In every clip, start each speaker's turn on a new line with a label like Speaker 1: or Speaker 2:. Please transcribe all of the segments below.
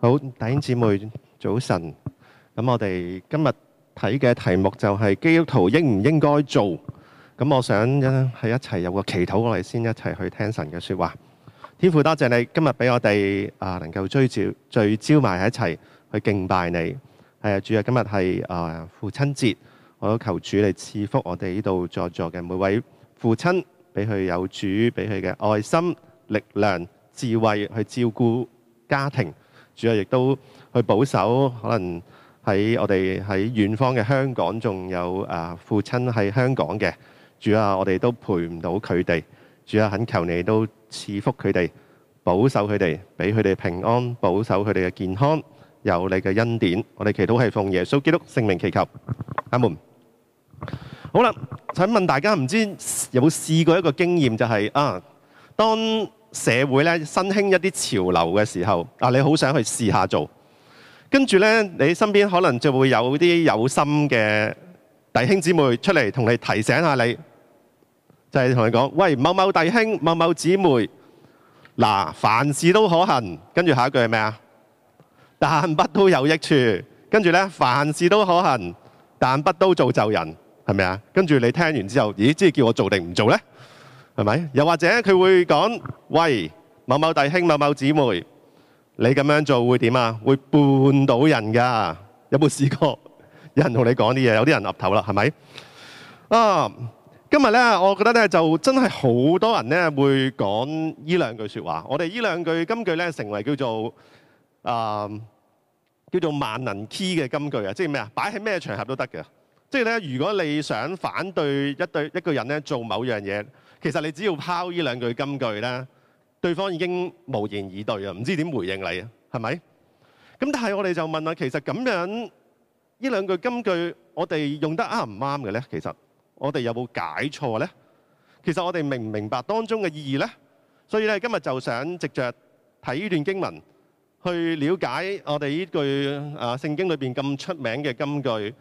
Speaker 1: 好，弟兄姊妹早晨。咁我哋今日睇嘅題目就係、是、基督徒應唔應該做？咁我想喺一齊有個祈禱，我哋先一齊去聽神嘅説話。天父，多謝你今日俾我哋啊，能夠聚焦聚焦埋一齊去敬拜你。係啊，主啊，今日係啊父親節，我都求主嚟賜福我哋呢度在座嘅每位父親，俾佢有主俾佢嘅愛心、力量、智慧去照顧家庭。主啊，亦都去保守，可能喺我哋喺遠方嘅香港，仲有啊父親喺香港嘅。主啊，我哋都陪唔到佢哋。主啊，懇求你都賜福佢哋，保守佢哋，俾佢哋平安，保守佢哋嘅健康，有你嘅恩典。我哋祈禱，係奉耶穌基督聖名祈求，阿門。好啦，請問大家唔知有冇試過一個經驗，就係啊，當社會咧新興一啲潮流嘅時候，啊你好想去試下做，跟住呢，你身邊可能就會有啲有心嘅弟兄姊妹出嚟同你提醒下你，就係同你講：喂，某某弟兄、某某姊妹，嗱，凡事都可行。跟住下一句係咩啊？但不都有益處，跟住呢，凡事都可行，但不都造就人，係咪啊？跟住你聽完之後，咦，即係叫我做定唔做呢？係咪？又或者佢會講：喂，某某弟兄、某某姊妹，你咁樣做會點啊？會絆倒人㗎。有冇試過有人同你講啲嘢？有啲人岌頭啦，係咪？啊，今日呢，我覺得呢，就真係好多人呢會講呢兩句説話。我哋呢兩句金句呢，成為叫做啊、呃、叫做萬能 key 嘅金句啊，即係咩啊？擺喺咩場合都得嘅。即係呢，如果你想反對一對一個人呢做某樣嘢。其實你只要拋呢兩句金句咧，對方已經無言以對啊！唔知點回應你啊？係咪？咁但係我哋就問下，其實咁樣呢兩句金句，我哋用得啱唔啱嘅咧？其實我哋有冇解錯咧？其實我哋明唔明白當中嘅意義咧？所以咧，今日就想藉著睇呢段經文，去了解我哋呢句啊聖經裏邊咁出名嘅金句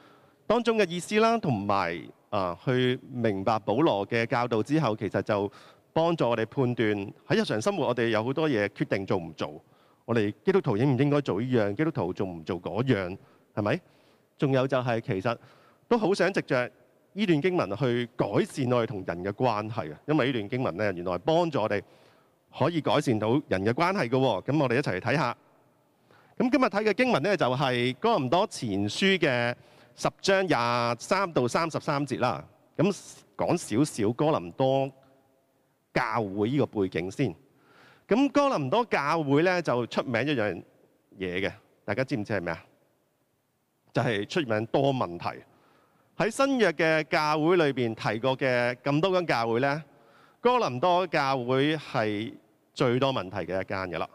Speaker 1: 當中嘅意思啦，同埋。啊，去明白保羅嘅教導之後，其實就幫助我哋判斷喺日常生活我們，我哋有好多嘢決定做唔做。我哋基督徒應唔應該做呢樣？基督徒做唔做嗰樣？係咪？仲有就係、是、其實都好想藉着依段經文去改善我哋同人嘅關係啊！因為呢段經文咧，原來幫助我哋可以改善到人嘅關係嘅喎。咁我哋一齊嚟睇下。咁今日睇嘅經文咧，就是，就係哥林多前書嘅。十章廿三到三十三節啦，咁講少少哥林多教會呢個背景先。咁哥林多教會咧就出名一樣嘢嘅，大家知唔知係咩啊？就係出名多問題。喺新約嘅教會裏邊提過嘅咁多間教會咧，哥林多教會係最多問題嘅一間嘅啦。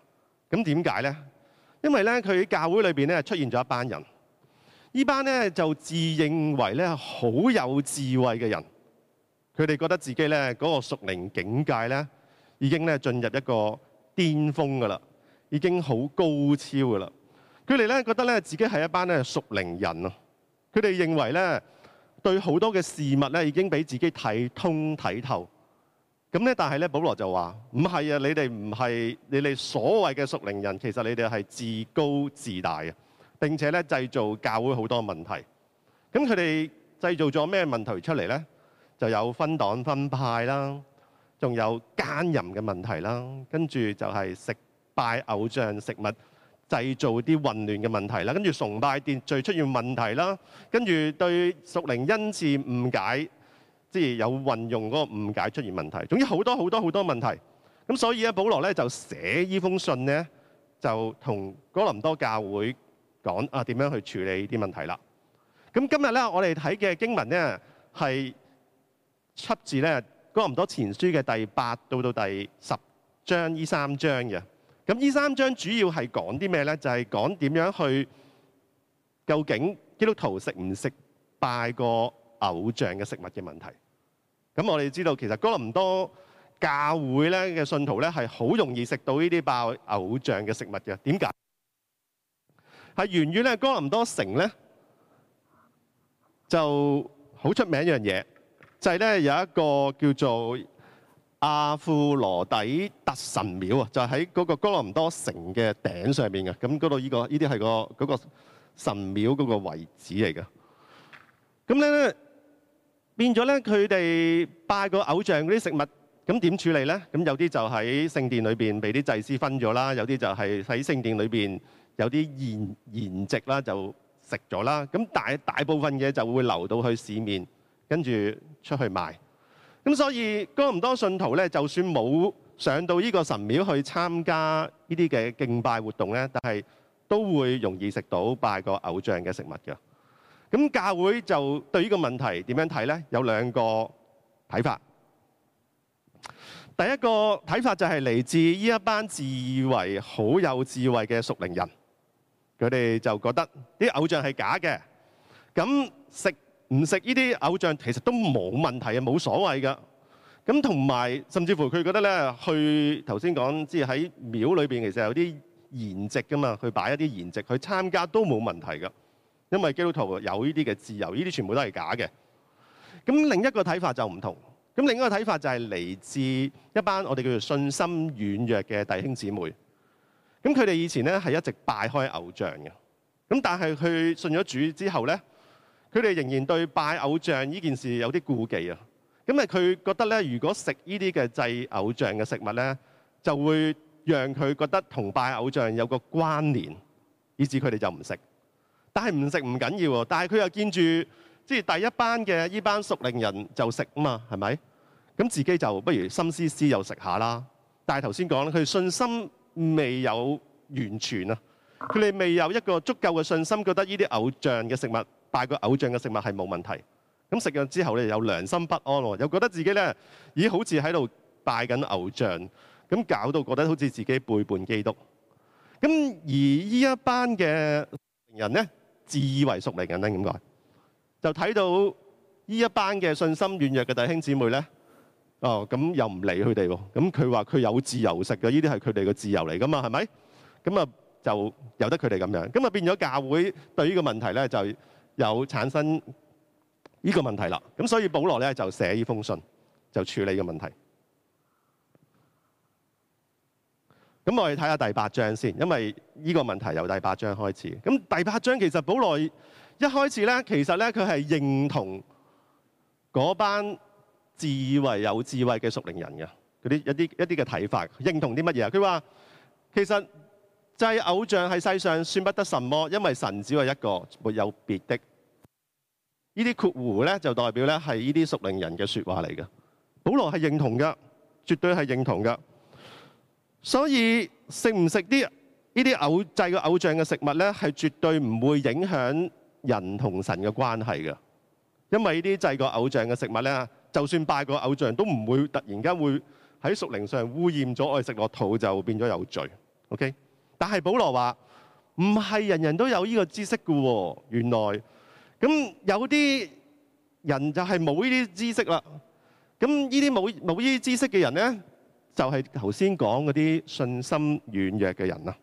Speaker 1: 咁點解咧？因為咧佢喺教會裏邊咧出現咗一班人。呢班咧就自認為咧好有智慧嘅人，佢哋覺得自己咧嗰個屬靈境界咧已經咧進入一個巔峰㗎啦，已經好高超㗎啦。佢哋咧覺得咧自己係一班咧屬靈人咯。佢哋認為咧對好多嘅事物咧已經俾自己睇通睇透。咁咧但係咧，保羅就話唔係啊，你哋唔係你哋所謂嘅屬靈人，其實你哋係自高自大啊。並且咧製造教會好多問題，咁佢哋製造咗咩問題出嚟咧？就有分黨分派啦，仲有奸淫嘅問題啦，跟住就係食拜偶像食物，製造啲混亂嘅問題啦，跟住崇拜秩序出現問題啦，跟住對屬靈恩賜誤解，即係有運用嗰個誤解出現問題。總之好多好多好多問題，咁所以咧，保羅咧就寫呢封信咧，就同哥林多教會。講啊點樣去處理啲問題啦。咁今日咧，我哋睇嘅經文咧係出自咧《哥林多前書》嘅第八到到第十章依三章嘅。咁依三章主要係講啲咩咧？就係講點樣去究竟基督徒食唔食拜過偶像嘅食物嘅問題。咁我哋知道其實哥林多教會咧嘅信徒咧係好容易食到呢啲拜偶像嘅食物嘅。點解？係源於咧，遠遠哥林多城咧就好出名一樣嘢，就係咧有，就是、有一個叫做阿富羅底特神廟啊，就喺、是、嗰個哥林多城嘅頂上面嘅。咁嗰度依個依啲係個嗰神廟嗰個位置嚟嘅。咁咧變咗咧，佢哋拜個偶像嗰啲食物，咁點處理咧？咁有啲就喺聖殿裏邊被啲祭司分咗啦，有啲就係喺聖殿裏邊。有啲現現值啦，就食咗啦。咁大大部分嘢就會流到去市面，跟住出去賣。咁所以多唔多信徒咧，就算冇上到呢個神廟去參加呢啲嘅敬拜活動咧，但係都會容易食到拜個偶像嘅食物㗎。咁教會就對呢個問題點樣睇咧？有兩個睇法。第一個睇法就係嚟自呢一班自以為好有智慧嘅屬靈人。佢哋就覺得啲偶像係假嘅，咁食唔食呢啲偶像其實都冇問題啊，冇所謂噶。咁同埋甚至乎佢覺得咧，去頭先講即係喺廟裏邊其實有啲筵席噶嘛，去擺一啲筵席去參加都冇問題噶，因為基督徒有呢啲嘅自由，呢啲全部都係假嘅。咁另一個睇法就唔同，咁另一個睇法就係嚟自一班我哋叫做信心軟弱嘅弟兄姊妹。咁佢哋以前咧係一直拜開偶像嘅，咁但係佢信咗主之後咧，佢哋仍然對拜偶像呢件事有啲顧忌啊。咁啊，佢覺得咧，如果食呢啲嘅祭偶像嘅食物咧，就會讓佢覺得同拜偶像有個關聯，以致佢哋就唔食。但係唔食唔緊要喎，但係佢又見住即係第一班嘅依班屬靈人就食啊嘛，係咪？咁自己就不如心思思又食下啦。但係頭先講佢信心。未有完全啊！佢哋未有一個足夠嘅信心，覺得呢啲偶像嘅食物，拜過偶像嘅食物係冇問題，咁食咗之後咧，有良心不安咯，又覺得自己咧，咦，好似喺度拜緊偶像，咁搞到覺得好似自己背叛基督。咁而呢一班嘅人咧，自以為屬靈緊咧，咁講就睇到呢一班嘅信心軟弱嘅弟兄姊妹咧。哦，咁又唔理佢哋喎，咁佢話佢有自由食嘅，呢啲係佢哋嘅自由嚟噶嘛，係咪？咁啊，就由得佢哋咁樣，咁啊變咗教會對呢個問題咧，就有產生呢個問題啦。咁所以保羅咧就寫呢封信，就處理個問題。咁我哋睇下第八章先，因為呢個問題由第八章開始。咁第八章其實保羅一開始咧，其實咧佢係認同嗰班。自以慧有智慧嘅熟靈人嘅嗰啲一啲一啲嘅睇法，認同啲乜嘢啊？佢話其實制偶像係世上算不得什麼，因為神只係一個沒有別的。呢啲括弧咧就代表咧係呢啲熟靈人嘅説話嚟嘅。保羅係認同嘅，絕對係認同嘅。所以食唔食啲呢啲制個偶像嘅食物咧，係絕對唔會影響人同神嘅關係嘅，因為呢啲制個偶像嘅食物咧。就算拜個偶像都唔會突然間會喺屬靈上污染咗，我食落肚就變咗有罪。OK，但係保羅話唔係人人都有呢個知識嘅喎，哦，原來咁有啲人就係冇依啲知識啦。咁依啲冇冇依啲知識嘅人呢，就係頭先講嗰啲信心軟弱嘅人啦。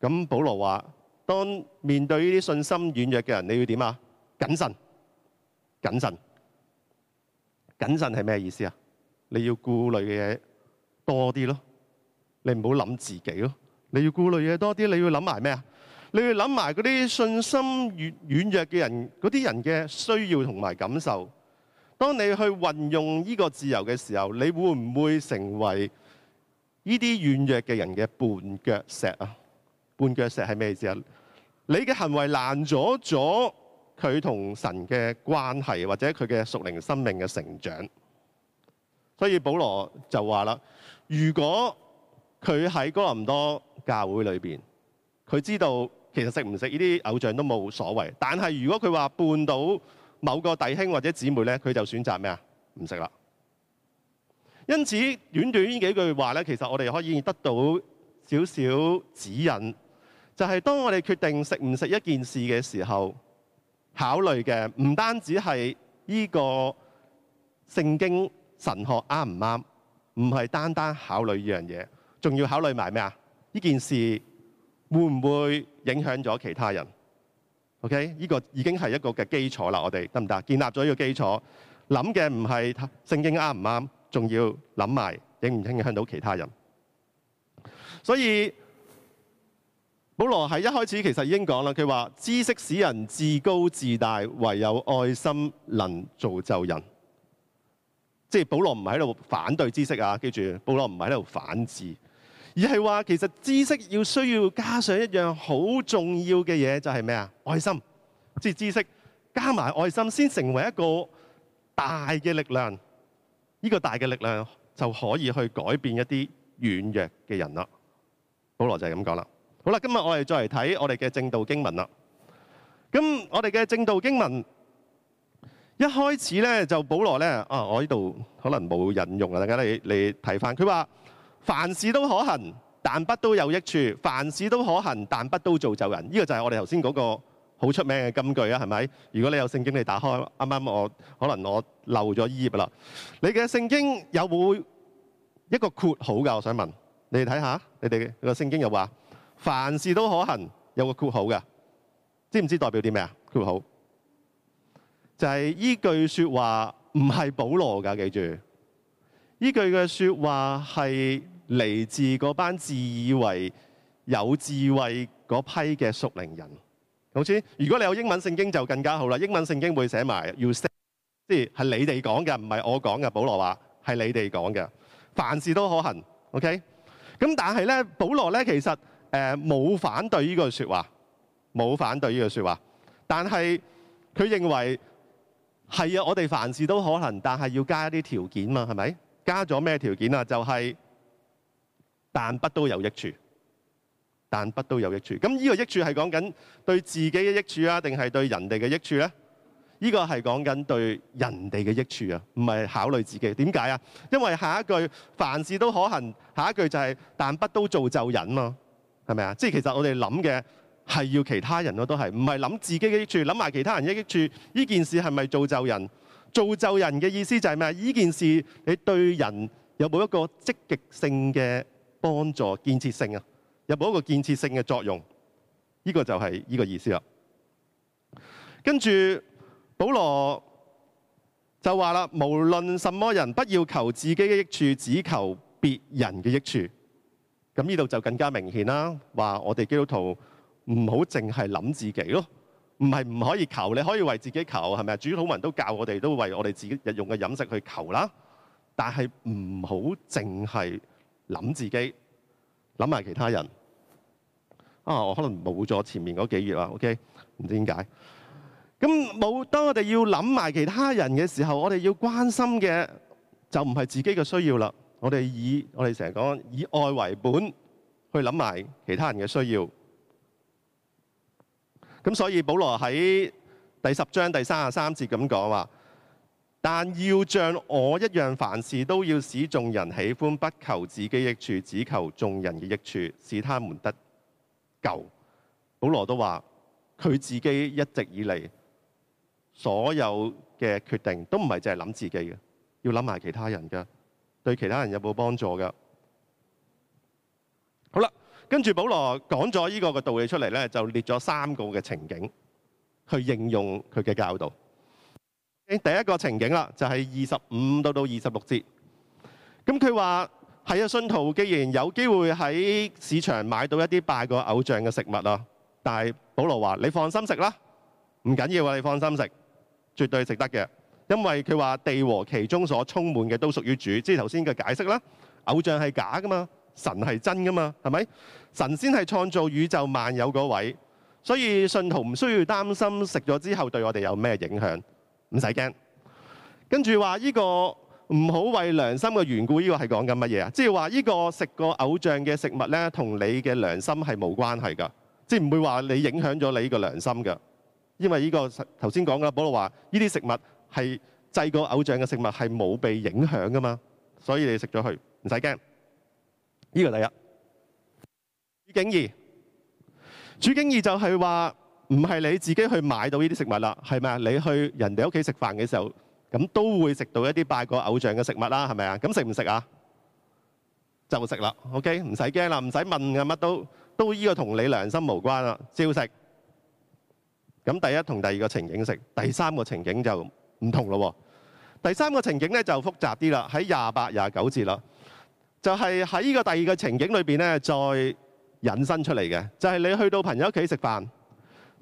Speaker 1: 咁保羅話：當面對呢啲信心軟弱嘅人，你要點樣？謹慎，謹慎。謹慎係咩意思啊？你要顧慮嘅嘢多啲咯，你唔好諗自己咯。你要顧慮嘅嘢多啲，你要諗埋咩啊？你要諗埋嗰啲信心軟軟弱嘅人，嗰啲人嘅需要同埋感受。當你去運用呢個自由嘅時候，你會唔會成為呢啲軟弱嘅人嘅絆腳石啊？絆腳石係咩意思啊？你嘅行為爛咗咗。佢同神嘅關係，或者佢嘅屬靈生命嘅成長，所以保羅就話啦：如果佢喺哥林多教會裏面，佢知道其實食唔食呢啲偶像都冇所謂，但係如果佢話絆到某個弟兄或者姊妹咧，佢就選擇咩啊？唔食啦。因此，短短呢幾句話咧，其實我哋可以得到少少指引，就係當我哋決定食唔食一件事嘅時候。考慮嘅唔單止係呢個聖經神學啱唔啱，唔係單單考慮呢樣嘢，仲要考慮埋咩啊？呢件事會唔會影響咗其他人？OK，呢個已經係一個嘅基礎啦，我哋得唔得？建立咗呢個基礎，諗嘅唔係聖經啱唔啱，仲要諗埋影唔影響到其他人。所以。保羅喺一開始其實已經講啦，佢話知識使人自高自大，唯有愛心能造就人。即係保羅唔喺度反對知識啊，記住，保羅唔喺度反智，而係話其實知識要需要加上一樣好重要嘅嘢，就係咩啊？愛心。即係知識加埋愛心，先成為一個大嘅力量。呢個大嘅力量就可以去改變一啲軟弱嘅人啦。保羅就係咁講啦。好啦，今日我哋再嚟睇我哋嘅證道經文啦。咁我哋嘅證道經文一開始咧，就保羅咧啊，我呢度可能冇引用啊，大家你嚟睇翻。佢話凡事都可行，但不都有益處；凡事都可行，但不都造就人。呢、這個就係我哋頭先嗰個好出名嘅金句啊，係咪？如果你有聖經，你打開啱啱我可能我漏咗頁啦。你嘅聖經有冇一個括號噶？我想問你哋睇下，你哋個聖經有話？凡事都可行，有個括號嘅，知唔知代表啲咩啊？括號就係、是、依句説話唔係保羅噶，記住依句嘅説話係嚟自嗰班自以為有智慧嗰批嘅屬靈人。好似，如果你有英文聖經就更加好啦。英文聖經會寫埋，you say，即係係你哋講嘅，唔係我講嘅。保羅話係你哋講嘅，凡事都可行。OK，咁但係咧，保羅咧其實。誒冇反對呢句說話，冇反對呢句說話，但係佢認為係啊，我哋凡事都可能，但係要加一啲條件嘛，係咪？加咗咩條件啊？就係、是、但不都有益處，但不都有益處。咁呢個益處係講緊對自己嘅益處啊，定係對人哋嘅益處咧？呢、這個係講緊對人哋嘅益處啊，唔係考慮自己。點解啊？因為下一句凡事都可行，下一句就係但不都造就人嘛。係咪啊？即係其實我哋諗嘅係要其他人咯，都係唔係諗自己嘅益處，諗埋其他人嘅益處。呢件事係咪造就人？造就人嘅意思就係咩？呢件事你對人有冇一個積極性嘅幫助、建設性啊？有冇一個建設性嘅作用？呢個就係呢個意思啦。跟住保羅就話啦：無論什麼人，不要求自己嘅益處，只求別人嘅益處。咁呢度就更加明顯啦，話我哋基督徒唔好淨係諗自己咯，唔係唔可以求，你可以為自己求係咪啊？主禱文都教我哋都為我哋自己日用嘅飲食去求啦，但係唔好淨係諗自己，諗埋其他人。啊，我可能冇咗前面嗰幾頁啦，OK，唔知點解。咁冇當我哋要諗埋其他人嘅時候，我哋要關心嘅就唔係自己嘅需要啦。我哋以我哋成日講以愛為本，去諗埋其他人嘅需要，咁所以保羅喺第十章第三十三節咁講話，但要像我一樣，凡事都要使眾人喜歡，不求自己的益處，只求眾人嘅益處，使他們得救。保羅都話佢自己一直以嚟所有嘅決定都唔係淨係諗自己嘅，要諗埋其他人㗎。對其他人有冇幫助噶？好啦，跟住保羅講咗呢個嘅道理出嚟咧，就列咗三個嘅情景去應用佢嘅教導。第一個情景啦，就係二十五到到二十六節。咁佢話係啊，信徒既然有機會喺市場買到一啲拜過偶像嘅食物啊，但係保羅話你放心食啦，唔緊要啊，你放心食，絕對食得嘅。因為佢話地和其中所充滿嘅都屬於主，即係頭先嘅解釋啦。偶像係假噶嘛，神係真噶嘛，係咪？神先係創造宇宙萬有嗰位，所以信徒唔需要擔心食咗之後對我哋有咩影響，唔使驚。跟住話呢個唔好為良心嘅緣故，呢、呢個係講緊乜嘢啊？即係話呢個食過偶像嘅食物咧，同你嘅良心係冇關係㗎，即係唔會話你影響咗你呢個良心㗎，因為呢、呢個頭先講啦，保羅話呢啲食物。係製過偶像嘅食物係冇被影響噶嘛，所以你食咗佢唔使驚。呢個第一。主敬二，主敬二就係話唔係你自己去買到呢啲食物啦，係咪啊？你去人哋屋企食飯嘅時候，咁都會食到一啲拜過偶像嘅食物啦，係咪啊？咁食唔食啊？就食啦，OK，唔使驚啦，唔使問啊乜都都呢個同你良心無關啦，照食。咁第一同第二個情景食，第三個情景就。唔同咯。第三個情景咧就複雜啲啦，喺廿八、廿九節啦，就係喺呢個第二個情景裏邊咧，再引申出嚟嘅就係、是、你去到朋友屋企食飯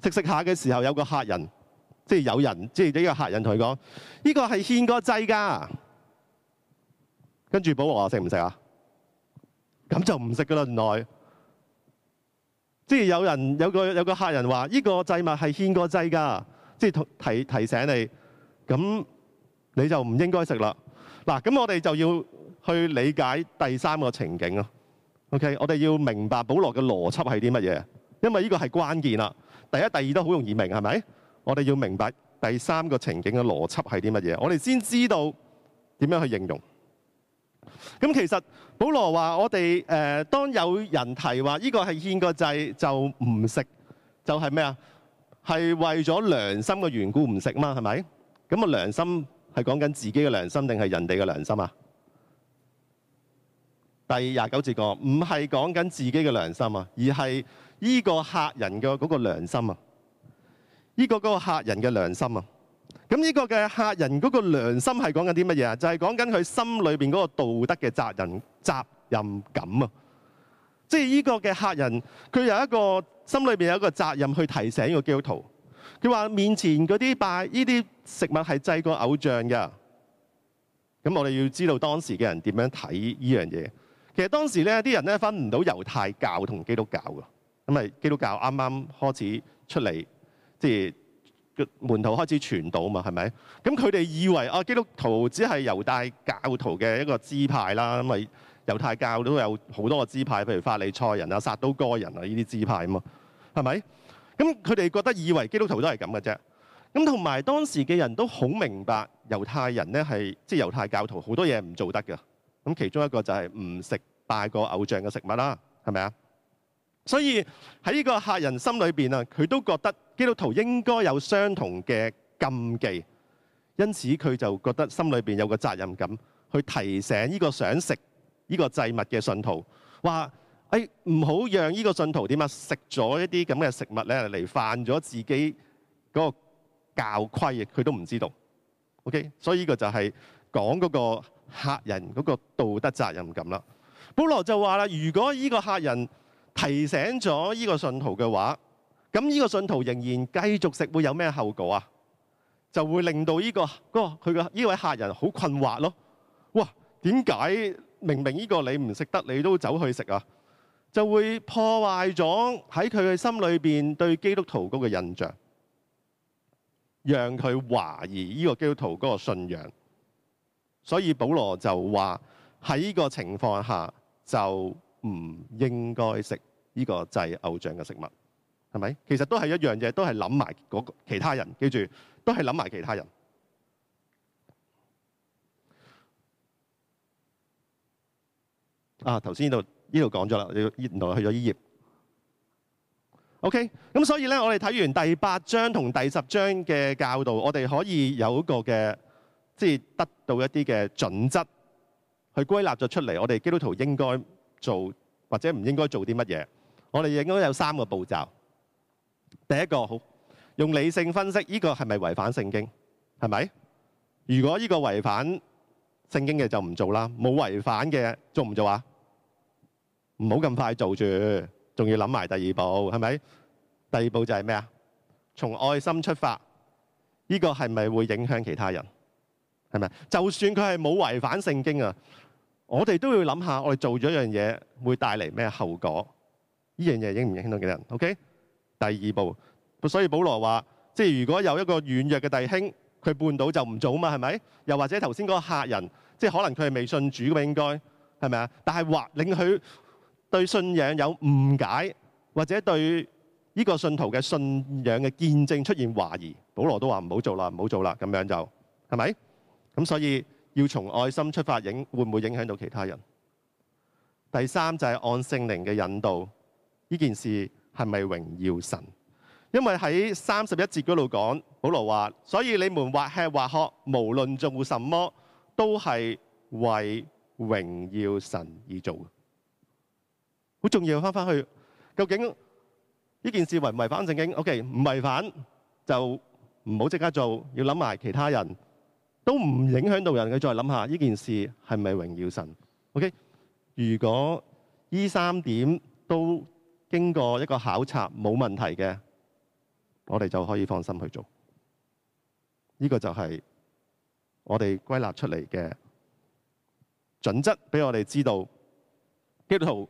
Speaker 1: 食食下嘅時候，有個客人即係有人，即係呢個客人同佢講：呢個係獻過祭㗎。跟、就、住、是，保羅話食唔食啊？咁就唔食噶啦。原來即係有人有個有個客人話：呢個祭物係獻過祭㗎，即係提提醒你，咁你就唔應該食啦。嗱，咁我哋就要去理解第三個情景咯。OK，我哋要明白保羅嘅邏輯係啲乜嘢，因為呢個係關鍵啦。第一、第二都好容易明，係咪？我哋要明白第三個情景嘅邏輯係啲乜嘢，我哋先知道點樣去應用。咁其實保羅話：我哋誒當有人提話，呢個係獻個祭就唔食，就係咩啊？係、就是、為咗良心嘅緣故唔食嘛，係咪？咁個，個良心係講緊自己嘅良心定係人哋嘅良心啊？第二十九節講，唔係講緊自己嘅良心啊，而係依個客人嘅嗰個良心啊，依個嗰個客人嘅良心啊。咁呢個嘅客人嗰個良心係講緊啲乜嘢啊？就係講緊佢心裏邊嗰個道德嘅責任責任感啊。即係依個嘅客人，佢有一個心裏邊有一個責任去提醒個基督徒。佢話面前嗰啲拜依啲食物係祭過偶像㗎，咁我哋要知道當時嘅人點樣睇呢樣嘢。其實當時咧啲人咧分唔到猶太教同基督教㗎，咁咪基督教啱啱開始出嚟，即係門徒開始傳道啊嘛，係咪？咁佢哋以為啊，基督徒只係猶大教徒嘅一個支派啦，咁咪猶太教都有好多個支派，譬如法利賽人啊、撒都該人啊呢啲支派啊嘛，係咪？咁佢哋覺得以為基督徒都係咁嘅啫，咁同埋當時嘅人都好明白猶太人咧係即係猶太教徒好多嘢唔做得嘅，咁其中一個就係唔食拜個偶像嘅食物啦，係咪啊？所以喺呢個客人心裏邊啊，佢都覺得基督徒應該有相同嘅禁忌，因此佢就覺得心裏邊有個責任感，去提醒呢個想食呢個祭物嘅信徒話。哎，唔好讓呢個信徒點啊？食咗一啲咁嘅食物咧，嚟犯咗自己嗰個教規，佢都唔知道。OK，所以呢個就係講嗰個客人嗰個道德責任感啦。保羅就話啦：如果呢個客人提醒咗呢個信徒嘅話，咁呢個信徒仍然繼續食，會有咩後果啊？就會令到呢個、嗰個、佢嘅、呢位客人好困惑咯。哇，點解明明呢個你唔食得，你都走去食啊？就會破壞咗喺佢嘅心裏邊對基督徒嗰個印象，讓佢懷疑呢個基督徒嗰個信仰。所以保羅就話喺呢個情況下就唔應該食呢個祭偶像嘅食物，係咪？其實都係一樣嘢，都係諗埋嗰個其他人，記住都係諗埋其他人。啊，頭先呢度。呢度講咗啦，依依原來去咗呢頁。OK，咁所以咧，我哋睇完第八章同第十章嘅教導，我哋可以有個嘅，即係得到一啲嘅準則，去歸納咗出嚟。我哋基督徒應該做或者唔應該做啲乜嘢？我哋應該有三個步驟。第一個好，用理性分析，呢個係咪違反聖經？係咪？如果呢個違反聖經嘅就唔做啦。冇違反嘅做唔做啊？唔好咁快做住，仲要諗埋第二步，係咪？第二步就係咩啊？從愛心出發，呢個係咪會影響其他人？係咪？就算佢係冇違反聖經啊，我哋都要諗下，我哋做咗一樣嘢會帶嚟咩後果？呢樣嘢影唔影響到其他人？OK？第二步，所以保羅話，即係如果有一個軟弱嘅弟兄，佢絆倒就唔做啊嘛？係咪？又或者頭先嗰個客人，即係可能佢係未信主咁應該係咪啊？但係話令佢。對信仰有誤解，或者對呢個信徒嘅信仰嘅見證出現懷疑，保羅都話唔好做啦，唔好做啦咁樣就，係咪？咁所以要從愛心出發影，影會唔會影響到其他人？第三就係按聖靈嘅引導，呢件事係咪榮耀神？因為喺三十一節嗰度講，保羅話：「所以你們或吃或喝，無論做什麼，都係為榮耀神而做。好重要，翻翻去。究竟呢件事違唔違反正經？OK，唔違反就唔好即刻做，要諗埋其他人都唔影響到人。佢再諗下呢件事係咪榮耀神？OK，如果呢三點都經過一個考察冇問題嘅，我哋就可以放心去做。呢個就係我哋歸納出嚟嘅準則，俾我哋知道呢度。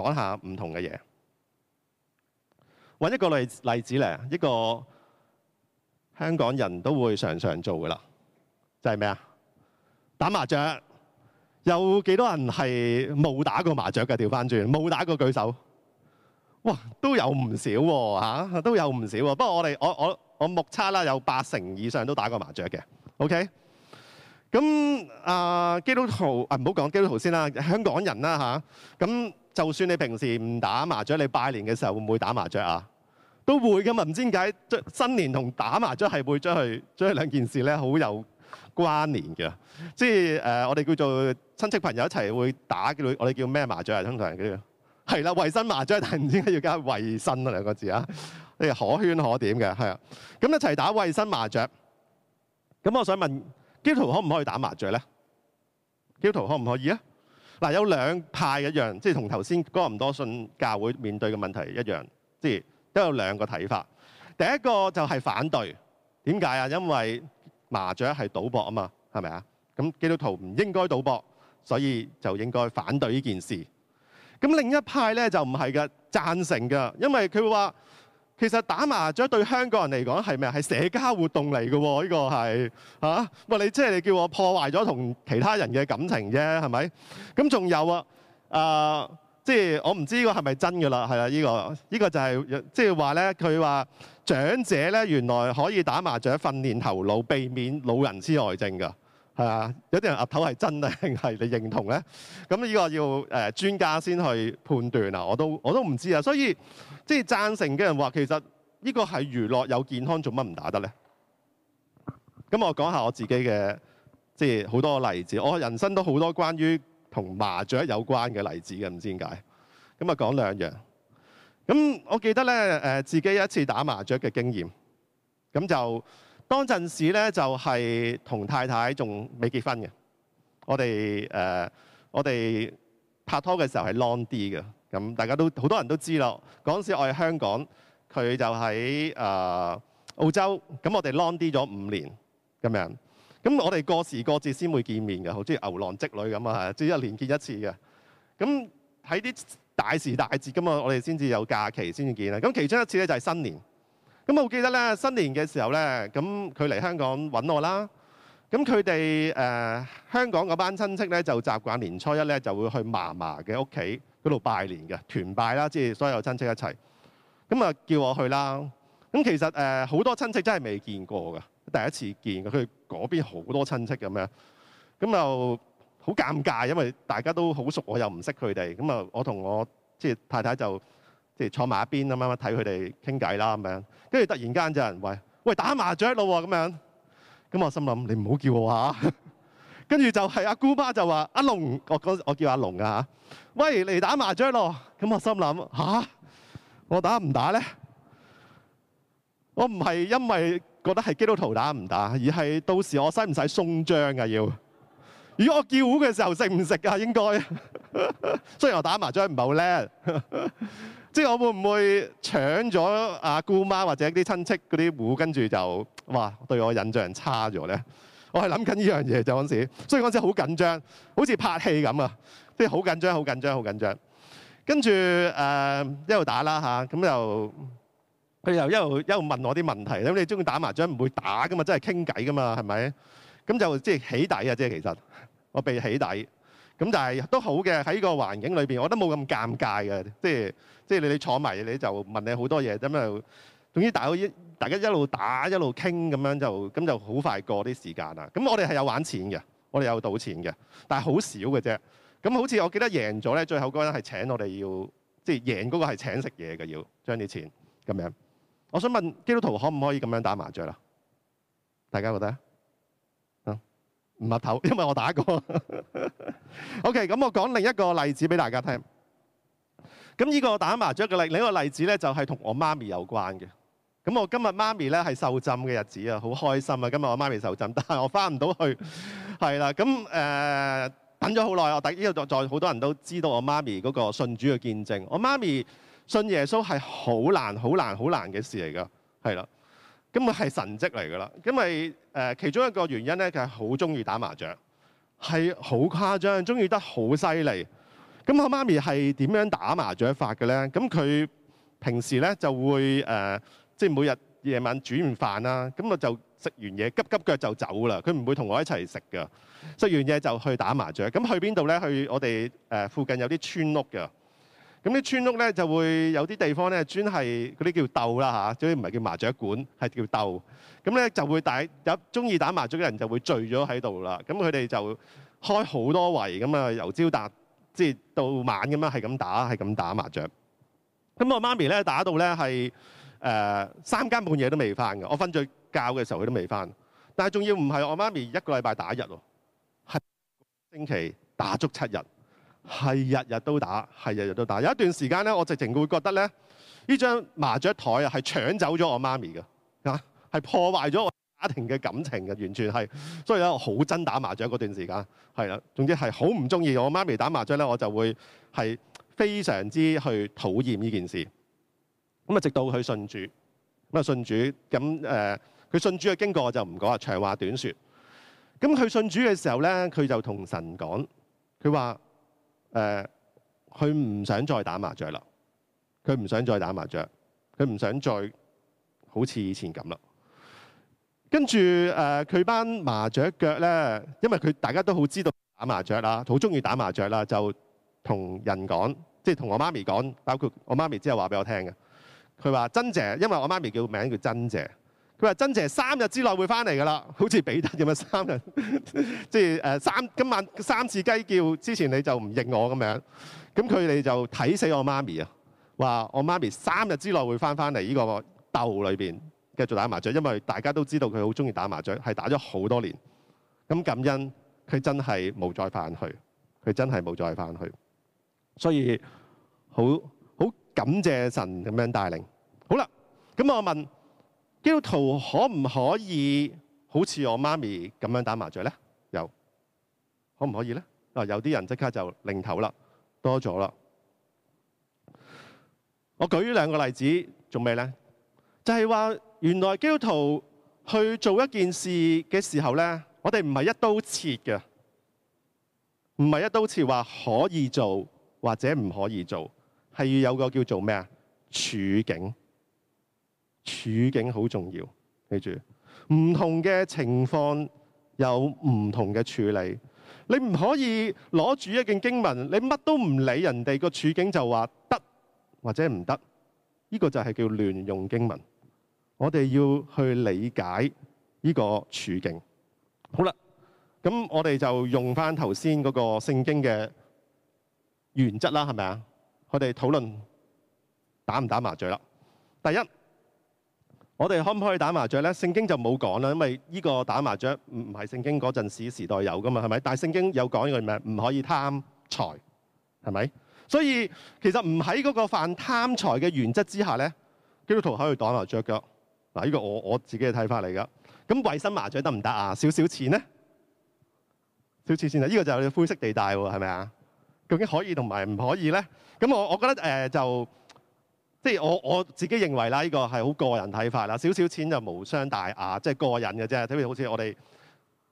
Speaker 1: 講下唔同嘅嘢，搵一個例例子嚟，一個香港人都會常常做噶啦，就係咩啊？打麻雀，有幾多人係冇打過麻雀嘅？調翻轉冇打過，舉手哇，都有唔少喎啊，都有唔少喎啊。不過我哋我我我目測啦，有八成以上都打過麻雀嘅。OK。咁啊、呃，基督徒啊，唔好講基督徒先啦，香港人啦嚇。咁、啊、就算你平時唔打麻雀，你拜年嘅時候會唔會打麻雀啊？都會㗎嘛，唔知點解將新年同打麻雀係會將去將兩件事咧好有關聯嘅。即係誒，我哋叫做親戚朋友一齊會打我叫我哋叫咩麻雀啊？通常叫做係啦，衞生麻雀，但係唔知點解要加衞生、啊、兩個字啊？呢個可圈可點嘅係啊。咁一齊打衞生麻雀。咁我想問。基督徒可唔可以打麻雀咧？基督徒可唔可以啊？嗱，有兩派一樣，即係同頭先哥林多信教會面對嘅問題一樣，即係都有兩個睇法。第一個就係反對，點解啊？因為麻雀係賭博啊嘛，係咪啊？咁基督徒唔應該賭博，所以就應該反對呢件事。咁另一派咧就唔係嘅，贊成嘅，因為佢會話。其實打麻雀對香港人嚟講係咩啊？係社交活動嚟㗎喎，呢個係嚇。喂，你即係你叫我破壞咗同其他人嘅感情啫，係咪？咁仲有啊？呃，即係我唔知呢個係咪真㗎啦？係啊，呢個呢個就係即係話咧，佢話長者咧，原來可以打麻雀訓練頭腦，避免老人痴呆症㗎。係啊，有啲人岌頭係真定係你認同咧？咁呢個要誒專家先去判斷啊！我都我都唔知啊。所以即係、就是、贊成嘅人話，其實呢個係娛樂，有健康，做乜唔打得咧？咁我講下我自己嘅即係好多例子。我人生都好多關於同麻雀有關嘅例子嘅，唔知點解。咁啊講兩樣。咁我記得咧誒，自己一次打麻雀嘅經驗，咁就。當陣時咧，就係、是、同太太仲未結婚嘅。我哋、呃、我哋拍拖嘅時候係 long 啲嘅，咁大家都好多人都知啦，嗰陣時我喺香港，佢就喺、呃、澳洲。咁我哋 long 啲咗五年咁樣。咁我哋過時過節先會見面嘅，好似牛郎織女咁啊，即係一年見一次嘅。咁喺啲大時大節咁啊，我哋先至有假期先至見啊。咁其中一次咧就係、是、新年。咁我記得咧新年嘅時候咧，咁佢嚟香港揾我啦。咁佢哋誒香港嗰班親戚咧，就習慣年初一咧就會去嫲嫲嘅屋企嗰度拜年嘅團拜啦，即係所有親戚一齊。咁啊叫我去啦。咁其實誒好多親戚真係未見過㗎，第一次見㗎。佢嗰邊好多親戚咁樣，咁就好尷尬，因為大家都好熟，我又唔識佢哋。咁啊，我同我即係太太就。即係坐埋一邊咁樣睇佢哋傾偈啦咁樣，跟住突然間就人話：喂打麻雀咯咁樣。咁我心諗你唔好叫我嚇。跟住就係阿姑媽就話：阿龍，我我我叫阿龍㗎嚇。喂嚟打麻雀咯。咁我心諗嚇，我打唔打咧？我唔係因為覺得係基督徒打唔打，而係到時我使唔使送張啊？要？如果我叫糊嘅時候食唔食啊？應該。雖然我打麻雀唔係好叻。即係我會唔會搶咗阿姑媽或者啲親戚嗰啲糊，跟住就話對我印象差咗咧？我係諗緊依樣嘢就嗰陣時，所以嗰陣時好緊張，好似拍戲咁、呃、啊！即係好緊張，好緊張，好緊張。跟住誒一路打啦嚇，咁就佢又一路一路問我啲問題。咁你中意打麻將唔會打噶嘛？真係傾偈噶嘛？係咪？咁就即係起底啊！即係其實我被起底。咁但係都好嘅，喺個環境裏邊，我都冇咁尷尬嘅，即係。即係你坐埋，你就問你好多嘢，咁又總之大家一大家一路打一路傾，咁樣就咁就好快過啲時間啦。咁我哋係有玩錢嘅，我哋有賭錢嘅，但係好少嘅啫。咁好似我記得贏咗咧，最後嗰陣係請我哋要即係贏嗰個係請食嘢嘅，要將啲錢咁樣。我想問基督徒可唔可以咁樣打麻雀啦？大家覺得啊？唔、嗯、岌頭，因為我打過。 OK，咁我講另一個例子俾大家聽。咁呢個打麻雀嘅例子，呢個例子咧就係同我媽咪有關嘅。咁我今日媽咪咧係受浸嘅日子啊，好開心啊！今日我媽咪受浸，但係我翻唔到去，係啦。咁誒、呃、等咗好耐，我突呢度再好多人都知道我媽咪嗰個信主嘅見證。我媽咪信耶穌係好難、好難、好難嘅事嚟㗎，係啦。咁咪係神蹟嚟㗎啦。因為、呃、其中一個原因咧，佢係好中意打麻雀，係好誇張，中意得好犀利。咁我媽咪係點樣打麻雀法嘅咧？咁佢平時咧就會、呃、即係每日夜晚煮完飯啦，咁我就食完嘢急急腳就走啦。佢唔會同我一齊食噶，食完嘢就去打麻雀。咁去邊度咧？去我哋、呃、附近有啲村屋㗎。咁啲村屋咧就會有啲地方咧，專係嗰啲叫鬥啦嚇，即係唔係叫麻雀館，係叫鬥。咁咧就會打有中意打麻雀嘅人就會聚咗喺度啦。咁佢哋就開好多圍，咁啊由朝打。即係到晚咁樣，係咁打，係咁打麻雀。咁我媽咪咧打到咧係誒三更半夜都未翻㗎。我瞓著覺嘅時候佢都未翻。但係仲要唔係我媽咪一個禮拜打一日喎，係星期打足、啊、七日，係日日都打，係日日都打。有一段時間咧，我直情會覺得咧呢這張麻雀台啊係搶走咗我媽咪㗎嚇，係破壞咗我。家庭嘅感情嘅，完全係，所以咧我好憎打麻雀嗰段時間，係啦，總之係好唔中意我媽咪打麻雀咧，我就會係非常之去討厭呢件事。咁啊，直到佢信主，咁啊信主，咁誒，佢、呃、信主嘅經過我就唔講啦，長話短說。咁佢信主嘅時候咧，佢就同神講，佢話誒，佢、呃、唔想再打麻雀啦，佢唔想再打麻雀，佢唔想再好似以前咁啦。跟住誒佢班麻雀腳咧，因為佢大家都好知道打麻雀啦，好中意打麻雀啦，就同人講，即係同我媽咪講，包括我媽咪之後話俾我聽嘅。佢話：珍姐，因為我媽咪叫名叫珍姐。佢話：珍姐三日之內會翻嚟噶啦，好似彼得咁樣三日， 即係誒、呃、三今晚三次雞叫之前你就唔認我咁樣。咁佢哋就睇死我媽咪啊！話我媽咪三日之內會翻翻嚟呢個竇裏邊。繼續打麻雀，因為大家都知道佢好中意打麻雀，係打咗好多年。咁感恩，佢真係冇再返去，佢真係無再返去。所以好好感謝神咁樣帶領。好啦，咁我問基督徒可唔可以好似我媽咪咁樣打麻雀咧？有，可唔可以咧？啊，有啲人即刻就擰頭啦，多咗啦。我舉兩個例子做咩咧？就係話。原來基督徒去做一件事嘅時候咧，我哋唔係一刀切嘅，唔係一刀切話可以做或者唔可以做，係要有個叫做咩啊？處境。處境好重要，記住唔同嘅情況有唔同嘅處理。你唔可以攞住一件經文，你乜都唔理人哋個處境就話得或者唔得？呢個就係叫亂用經文。我哋要去理解呢個處境好。好啦，咁我哋就用翻頭先嗰個聖經嘅原則啦，係咪啊？我哋討論打唔打麻雀啦。第一，我哋可唔可以打麻雀咧？聖經就冇講啦，因為呢個打麻雀唔唔係聖經嗰陣時時代有噶嘛，係咪？但係聖經有講呢個咩？唔可以貪財，係咪？所以其實唔喺嗰個犯貪財嘅原則之下咧，基督徒可以打麻雀嘅。嗱，呢個我我自己嘅睇法嚟噶。咁衞生麻雀得唔得啊？少少錢咧，少少錢啊！呢個就係灰色地帶喎，係咪啊？究竟可以同埋唔可以咧？咁我我覺得誒、就即係我我自己認為啦，呢個係好個人睇法啦。少少錢就無傷大雅，即係個人嘅啫。睇譬如好似我哋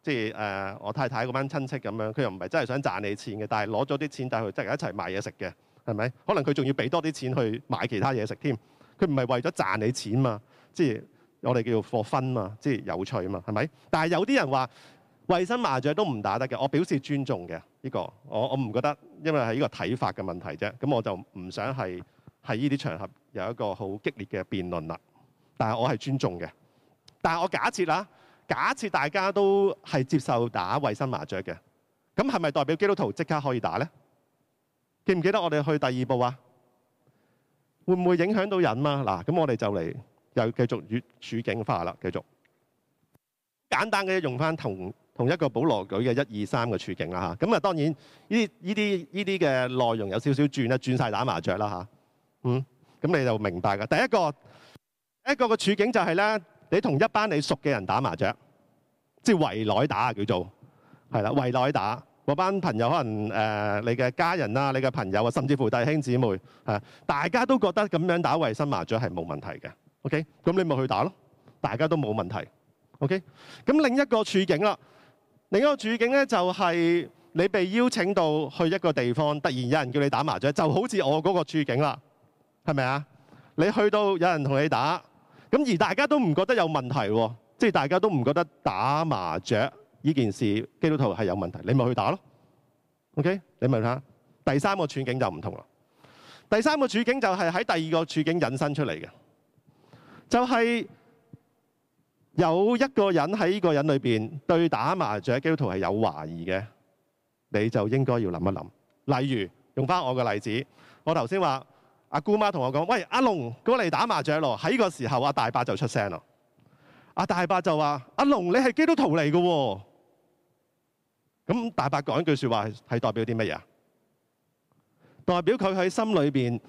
Speaker 1: 即係誒、我太太嗰班親戚咁樣，佢又唔係真係想賺你錢嘅，但係攞咗啲錢帶去即係一齊買嘢食嘅，係咪？可能佢仲要俾多啲錢去買其他嘢食添。佢唔係為咗賺你錢嘛，即係。我哋叫做 for fun 嘛，即係有趣啊嘛，係咪？但係有啲人話衛生麻雀都唔打得嘅，我表示尊重嘅呢個我我唔覺得，因為係呢個睇法嘅問題啫。咁我就唔想係喺呢啲場合有一個好激烈嘅辯論啦。但係我係尊重嘅。但係我假設啦，假設大家都係接受打衛生麻雀嘅，咁係咪代表基督徒即刻可以打咧？記唔記得我哋去第二步啊？會唔會影響到人啊？嗱，咁我哋就嚟。又繼續越處境化啦。繼續簡單嘅用翻同同一個保羅舉嘅一、二、三嘅處境啦。吓，咁啊，當然呢啲呢啲呢啲嘅內容有少少轉啦，轉晒打麻雀啦吓，嗯，咁你就明白㗎。第一個第一個嘅處境就係、是、咧，你同一班你熟嘅人打麻雀，即係圍內打啊，叫做係啦，圍內打嗰班朋友可能誒、呃、你嘅家人啊、你嘅朋友啊，甚至乎弟兄姊妹嚇、啊，大家都覺得咁樣打衛生麻雀係冇問題嘅。OK，咁你咪去打咯，大家都冇問題。OK，咁另一個處境啦，另一個處境咧就係你被邀請到去一個地方，突然有人叫你打麻雀，就好似我嗰個處境啦，係咪啊？你去到有人同你打，咁而大家都唔覺得有問題喎，即係大家都唔覺得打麻雀呢件事基督徒係有問題，你咪去打咯。OK，你問下，第三個處境就唔同啦。第三個處境就係喺第，第二個處境引申出嚟嘅。就係有一個人喺呢個人裏邊對打麻雀基督徒係有懷疑嘅，你就應該要諗一諗。例如用翻我個例子，我頭先話阿姑媽同我講：喂，阿龍，過嚟打麻雀咯。喺個時候，阿大伯就出聲咯。阿大伯就話：阿龍，你係基督徒嚟嘅喎。咁大伯講一句説話係代表啲乜嘢？代表佢喺心裏邊，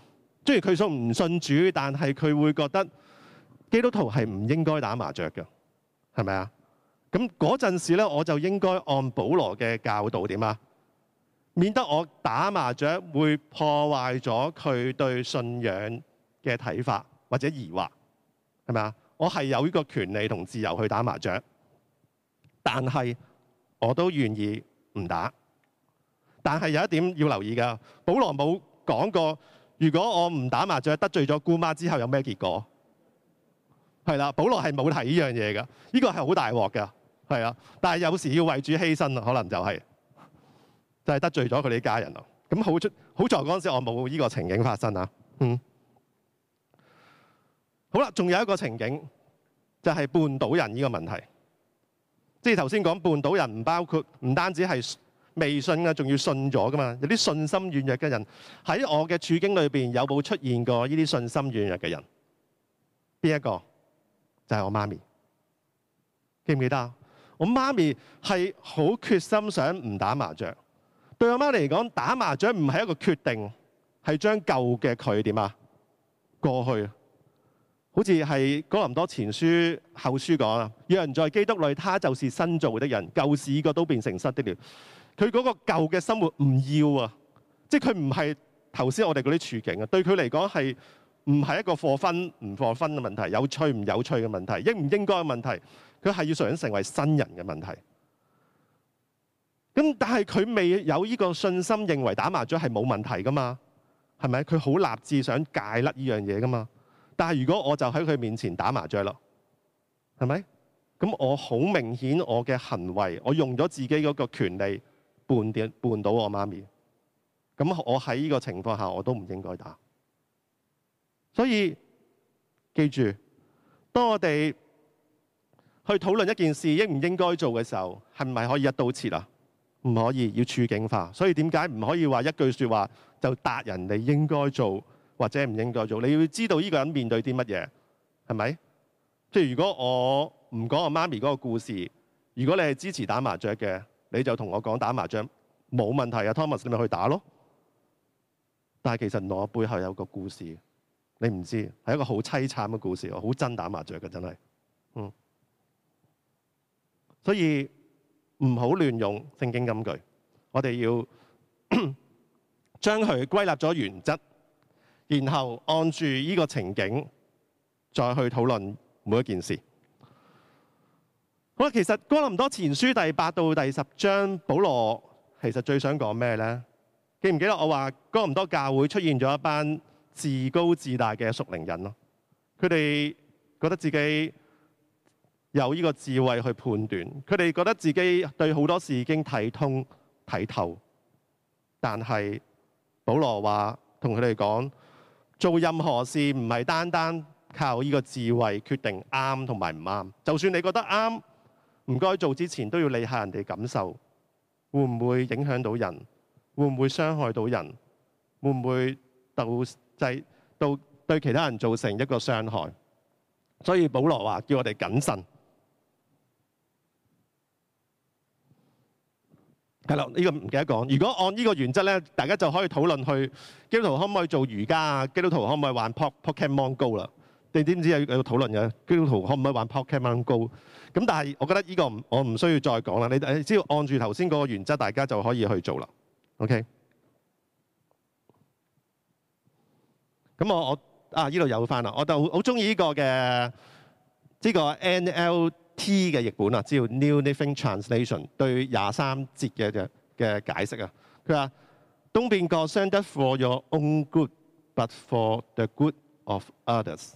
Speaker 1: 雖然佢想唔信主，但係佢會覺得。基督徒係唔應該打麻雀嘅，係咪啊？咁嗰陣時咧，我就應該按保羅嘅教導點啊，免得我打麻雀會破壞咗佢對信仰嘅睇法或者疑惑，係咪啊？我係有呢個權利同自由去打麻雀，但係我都願意唔打。但係有一點要留意嘅，保羅冇講過，如果我唔打麻雀得罪咗姑媽之後有咩結果？係啦，保羅係冇提呢樣嘢㗎，呢個係好大鑊㗎，係啊！但係有時要為主犧牲啊，可能就係、是、就係、是、得罪咗佢哋啲家人咯。咁好出好在嗰陣時我冇呢個情景發生啊。嗯，好啦，仲有一個情景就係、是、半島人呢個問題，即係頭先講半島人唔包括，唔單止係未信啊，仲要信咗㗎嘛。有啲信心軟弱嘅人喺我嘅處境裏面，有冇出現過呢啲信心軟弱嘅人？邊一個？就係我媽咪，記唔記得啊？我媽咪係好決心想唔打麻雀。對我媽嚟講，打麻雀唔係一個決定，係將舊嘅佢點啊？過去好似係哥林多前書後書講啊，有人在基督裏，他就是新造的人，舊事個都變成新的了。佢嗰個舊嘅生活唔要啊，即係佢唔係頭先我哋嗰啲處境啊，對佢嚟講係。唔係一個 for fun 唔 for fun 嘅問題，有趣唔有趣嘅問題，應唔應該嘅問題，佢係要想成為新人嘅問題。咁但係佢未有呢個信心，認為打麻雀係冇問題噶嘛？係咪？佢好立志想戒甩呢樣嘢噶嘛？但係如果我就喺佢面前打麻雀咯，係咪？咁我好明顯，我嘅行為，我用咗自己嗰個權利，絆倒絆到我媽咪。咁我喺呢個情況下，我都唔應該打。所以，記住，當我哋去討論一件事應唔應該做嘅時候，係咪可以一刀切啊？唔可以，要處境化。所以點解唔可以話一句説話就答人你應該做或者唔應該做？你要知道呢個人面對啲乜嘢，係咪？即係如果我唔講我媽咪嗰個故事，如果你係支持打麻雀嘅，你就同我講打麻雀冇問題啊，Thomas，你咪去打咯。但係其實我背後有個故事。你唔知，係一個好凄慘嘅故事，好憎打麻雀㗎。真係，嗯。所以唔好亂用聖經金句，我哋要 將佢歸納咗原則，然後按住呢個情景再去討論每一件事。好啦，其實哥林多前書第八到第十章，保羅其實最想講咩咧？記唔記得我話哥林多教會出現咗一班？自高自大嘅熟靈人咯，佢哋覺得自己有呢個智慧去判斷，佢哋覺得自己對好多事已經睇通睇透，但係保羅話同佢哋講：做任何事唔係單單靠呢個智慧決定啱同埋唔啱。就算你覺得啱，唔該做之前都要理下人哋感受，會唔會影響到人？會唔會傷害到人？會唔會到？就係到對其他人造成一個傷害，所以保羅話叫我哋謹慎對。係啦，呢個唔記得講。如果按呢個原則咧，大家就可以討論去基督徒可唔可以做瑜伽啊？基督徒可唔可以玩 Pokemon Go 啦？你知唔知有有討論嘅？基督徒可唔可以玩 Pokemon Go？咁但係我覺得呢個唔我唔需要再講啦。你只要按住頭先嗰個原則，大家就可以去做啦。OK。咁我我啊呢度有翻啦，我就好中意呢個嘅呢個 NLT 嘅譯本啊，叫 New Living Translation 對廿三節嘅嘅解釋啊，佢話 Don't be concerned for your own good，but for the good of others，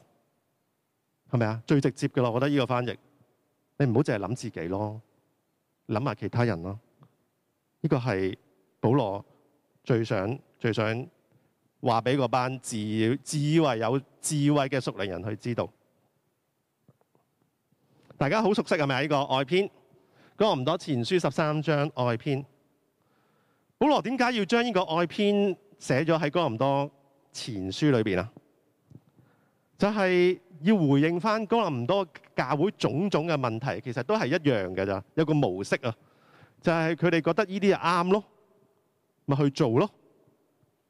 Speaker 1: 係咪啊？是是最直接嘅喇。我覺得呢個翻譯，你唔好淨係諗自己咯，諗埋其他人咯，呢個係保羅最想最想。最想話俾個班智智慧有智慧嘅屬靈人去知道，大家好熟悉係咪？呢、這個愛篇，哥林多前書十三章愛篇，保羅點解要將呢個愛篇寫咗喺哥林多前書裏面啊？就係、是、要回應翻哥林多教會種種嘅問題，其實都係一樣嘅咋，有個模式啊，就係佢哋覺得呢啲係啱咯，咪去做咯。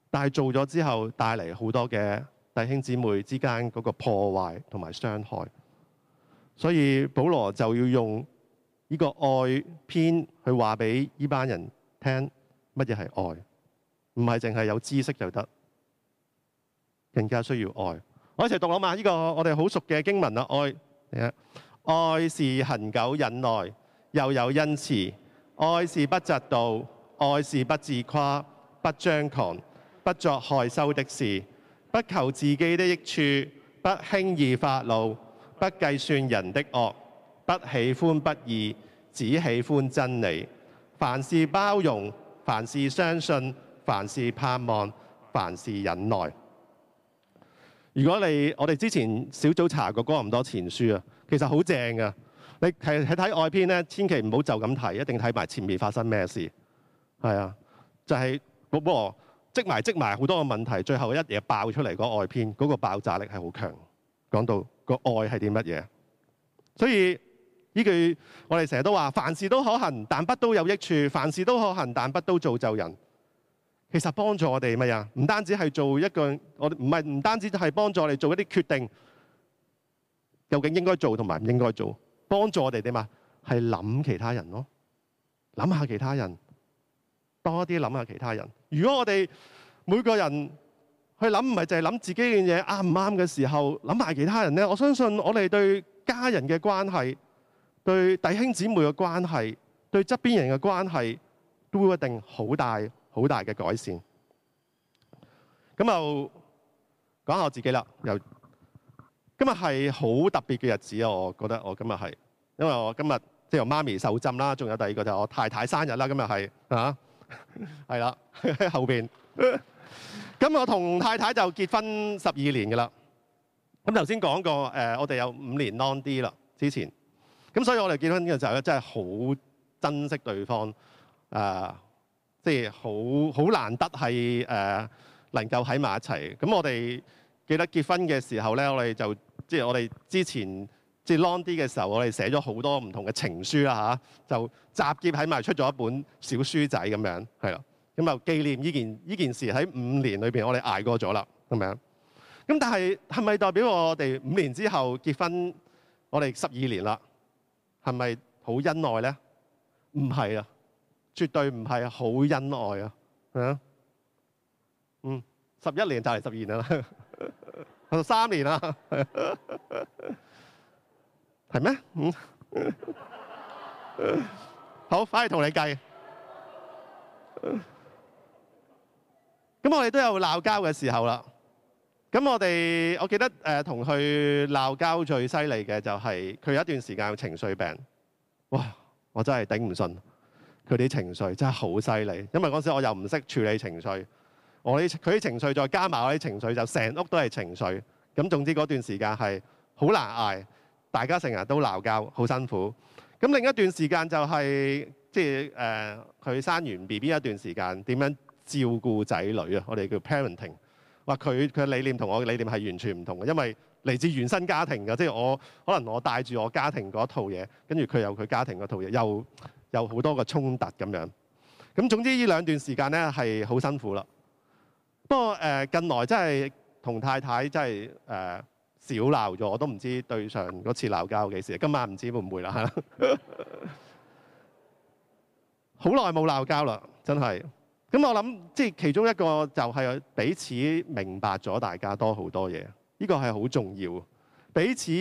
Speaker 1: 但係做咗之後，帶嚟好多嘅弟兄姊妹之間嗰個破壞同埋傷害，所以保羅就要用呢個愛篇去話俾呢班人聽乜嘢係愛，唔係淨係有知識就得，更加需要愛。我一齊讀啊嘛！呢個我哋好熟嘅經文啦，愛，愛是恒久忍耐，又有恩慈；愛是不嫉妒，愛是不自誇，不張狂。不作害羞的事，不求自己的益處，不輕易發怒，不計算人的惡，不喜歡不義，只喜歡真理。凡事包容，凡事相信，凡事盼望，凡事忍耐。如果你我哋之前小組查過哥林多前書啊，其實好正噶、啊。你係喺睇愛篇呢，千祈唔好就咁睇，一定睇埋前面發生咩事。係啊，就係、是。積埋積埋好多個問題，最後一嘢爆出嚟，個外篇嗰個爆炸力係好強。講到、個愛係啲乜嘢？所以呢句我哋成日都話：凡事都可行，但不都有益處；凡事都可行，但不都造就人。其實幫助我哋乜嘢？唔單止係做一個我唔係唔單止係幫助我哋做一啲決定，究竟應該做同埋唔應該做？幫助我哋點啊？係諗其他人咯，諗下其他人。多啲諗下其他人。如果我哋每個人去諗，唔係淨係諗自己嘅嘢啱唔啱嘅時候，諗埋其他人咧，我相信我哋對家人嘅關係、對弟兄姊妹嘅關係、對側邊人嘅關係，都會一定好大好大嘅改善。咁又講下我自己啦。又今日係好特別嘅日子，我覺得我今日係，因為我今日即係由媽咪受浸啦，仲有第二個就我太太生日啦。今日係啊～係啦，喺 對了 後邊面咁。 我同太太就結婚十二年嘅啦。咁頭先講過，誒、呃，我哋有五年 long D 啦。之前咁，所以我哋結婚嘅時候咧，真係好珍惜對方誒，即係好好難得係誒、呃，能夠喺埋一齊。咁我哋記得結婚嘅時候咧，我哋就即係、就是、我哋之前。long 啲嘅時候，我哋寫咗好多唔同嘅情書啦嚇，就集結喺埋出咗一本小書仔咁樣，係啦，咁就紀念呢件呢件事喺五年裏邊，我哋捱過咗啦，咁樣。咁但係係咪代表我哋五年之後結婚，我哋十二年啦，係咪好恩愛咧？唔係啊，絕對唔係好恩愛啊，嚇，嗯，十一年就嚟十二年啦， 三年啦。係咩？嗯是， 好，翻去同你計。咁我哋都有鬧交嘅時候啦。咁我哋我記得誒同佢鬧交最犀利嘅就係佢有一段時間有情緒病。哇！我真係頂唔順佢啲情緒，真係好犀利。因為嗰陣時我又唔識處理情緒，我啲佢啲情緒再加埋我啲情緒，就成屋都係情緒。咁總之嗰段時間係好難捱。大家成日都鬧交，好辛苦。咁另一段時間就係、是、即係誒，佢、呃、生完 BB 一段時間，點樣照顧仔女啊？我哋叫 parenting。話佢佢嘅理念同我嘅理念係完全唔同嘅，因為嚟自原生家庭嘅，即係我可能我帶住我家庭嗰套嘢，跟住佢有佢家庭嗰套嘢，又有好多個衝突咁樣。咁總之呢兩段時間咧係好辛苦啦。不過誒、呃，近來真係同太太真係誒。呃少鬧咗，我都唔知對上嗰次鬧交幾時。今晚唔知會唔會啦。好耐冇鬧交啦，真係。咁我諗，即係其中一個就係彼此明白咗大家多好多嘢，呢個係好重要。彼此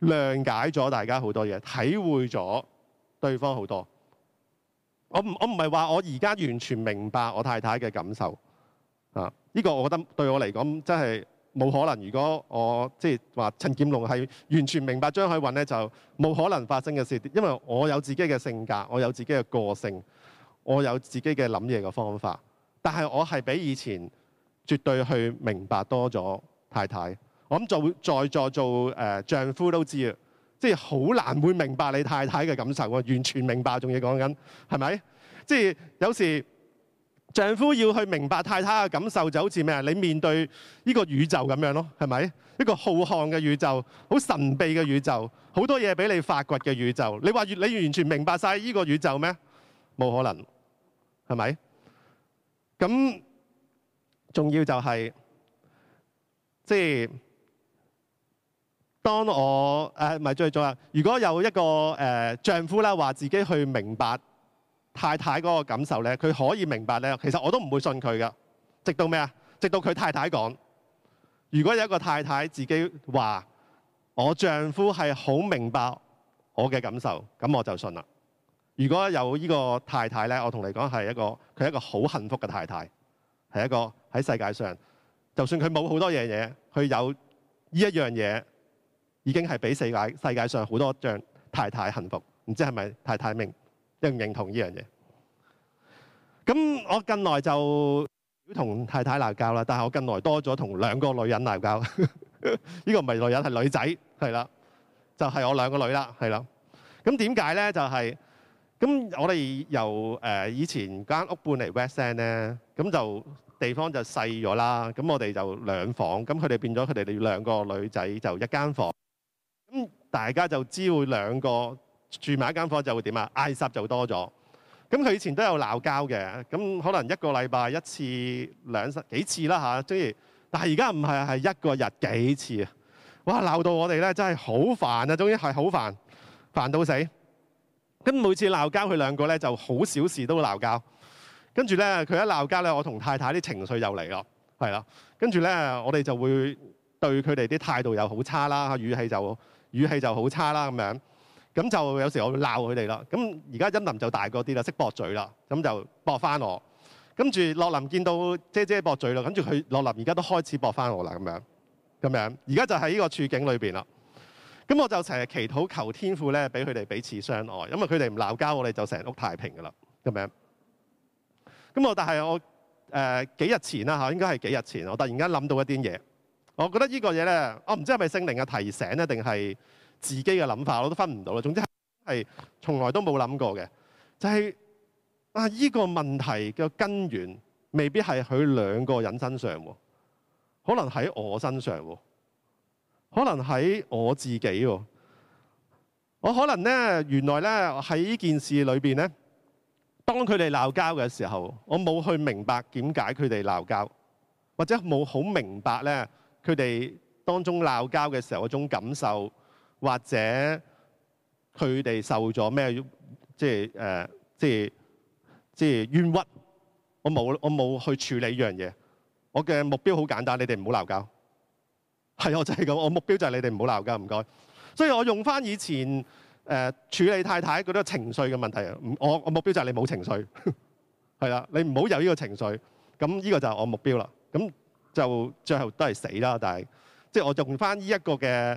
Speaker 1: 諒解咗大家好多嘢，體會咗對方好多。我唔我唔係話我而家完全明白我太太嘅感受啊！呢個我覺得對我嚟講真係。冇可能，如果我即係話陳劍龍係完全明白張海韻咧，就冇可能發生嘅事。因為我有自己嘅性格，我有自己嘅個性，我有自己嘅諗嘢嘅方法。但係我係比以前絕對去明白多咗太太。我咁就會在座做誒、呃、丈夫都知啊，即係好難會明白你太太嘅感受，完全明白仲要講緊係咪？即係、就是、有時。丈夫要去明白太太嘅感受，就好似咩啊？你面對呢個宇宙咁樣咯，係咪？一個浩瀚嘅宇宙，好神秘嘅宇宙，好多嘢俾你發掘嘅宇宙。你話你完全明白晒呢個宇宙咩？冇可能，係咪？咁重要就係即係當我誒唔係最重要。如果有一個誒、呃、丈夫咧，話自己去明白。太太嗰個感受咧，佢可以明白咧。其實我都唔會信佢㗎，直到咩啊？直到佢太太講：如果有一個太太自己話，我丈夫係好明白我嘅感受，咁我就信啦。如果有呢個太太咧，我同你講係一個，佢係一個好幸福嘅太太，係一個喺世界上，就算佢冇好多樣嘢，佢有呢一樣嘢，已經係比世界世界上好多樣太太幸福。唔知係咪太太明？認唔認同呢樣嘢？咁我近來就同太太鬧交啦，但係我近來多咗同兩個女人鬧交。呢個唔係女人，係女仔，係啦，就係我兩個女啦，係啦。咁點解咧？就係咁，我哋由誒以前間屋搬嚟 West End 咧，咁就地方就細咗啦。咁我哋就兩房，咁佢哋變咗佢哋兩個女仔就一間房。咁大家就知會兩個。住埋一間房就會點啊？嗌濕就多咗。咁佢以前都有鬧交嘅，咁可能一個禮拜一次兩次幾次啦吓，中、啊、意。但係而家唔係係一個日幾次啊！哇，鬧到我哋咧真係好煩啊，終於係好煩，煩到死。咁每次鬧交佢兩個咧就好小事都會鬧交，跟住咧佢一鬧交咧，我同太太啲情緒又嚟咯，係啦。跟住咧我哋就會對佢哋啲態度又好差啦，語氣就語氣就好差啦咁樣。咁就有時我會鬧佢哋啦。咁而家欣林就大個啲啦，識駁嘴啦。咁就駁翻我。跟住洛林見到姐姐駁嘴啦，跟住佢洛林而家都開始駁翻我啦。咁樣，咁樣。而家就喺呢個處境裏邊啦。咁我就成日祈禱求天父咧，俾佢哋彼此相愛，因為佢哋唔鬧交，我哋就成屋太平噶啦。咁樣。咁我但係我誒、呃、幾日前啦嚇，應該係幾日前，我突然間諗到一啲嘢。我覺得呢個嘢咧，我唔知係咪聖靈嘅提醒咧，定係？自己嘅諗法，我都分唔到啦。總之係從來都冇諗過嘅，就係啊！依個問題嘅根源未必係佢兩個人身上喎，可能喺我身上喎，可能喺我自己喎。我可能咧，原來咧，喺呢件事裏邊咧，當佢哋鬧交嘅時候，我冇去明白點解佢哋鬧交，或者冇好明白咧，佢哋當中鬧交嘅時候嗰種感受。或者佢哋受咗咩？即係誒、呃，即係即係冤屈。我冇，我冇去處理呢樣嘢。我嘅目標好簡單，你哋唔好鬧交。係，我就係咁。我目標就係你哋唔好鬧交，唔該。所以我用翻以前誒、呃、處理太太嗰啲情緒嘅問題啊。唔，我我目標就係你冇情緒，係 啦，你唔好有呢個情緒。咁呢個就係我目標啦。咁就最後都係死啦。但係即係我用翻呢一個嘅。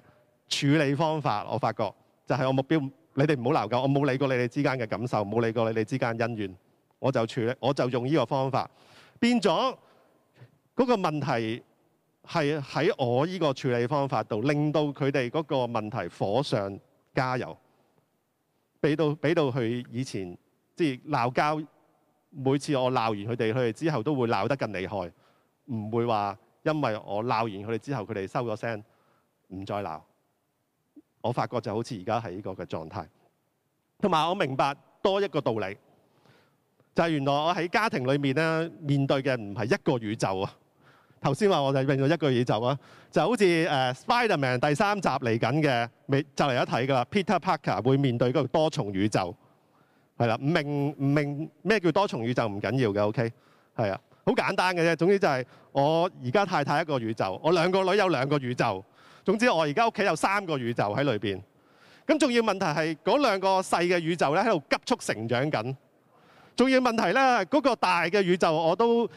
Speaker 1: 處理方法，我發覺就係我目標。你哋唔好鬧交，我冇理過你哋之間嘅感受，冇理過你哋之間恩怨，我就處理，我就用呢個方法，變咗嗰個問題係喺我呢個處理方法度，令到佢哋嗰個問題火上加油，俾到俾到佢以前即係鬧交。每次我鬧完佢哋，佢哋之後都會鬧得更厲害，唔會話因為我鬧完佢哋之後，佢哋收咗聲唔再鬧。我發覺就好似而家係呢個嘅狀態，同埋我明白多一個道理，就係原來我喺家庭裏面咧面對嘅唔係一個宇宙啊！頭先話我哋用咗一個宇宙啊，就好似 Spider-Man 第三集嚟緊嘅，未就嚟一睇噶啦，Peter Parker 會面對嗰個多重宇宙，係啦，唔明唔明咩叫多重宇宙唔緊要嘅，OK，係啊，好簡單嘅啫。總之就係我而家太太一個宇宙，我兩個女有兩個宇宙。總之，我而家屋企有三個宇宙喺裏邊。咁重要問題係嗰兩個細嘅宇宙咧，喺度急速成長緊。重要問題咧，嗰個大嘅宇宙我都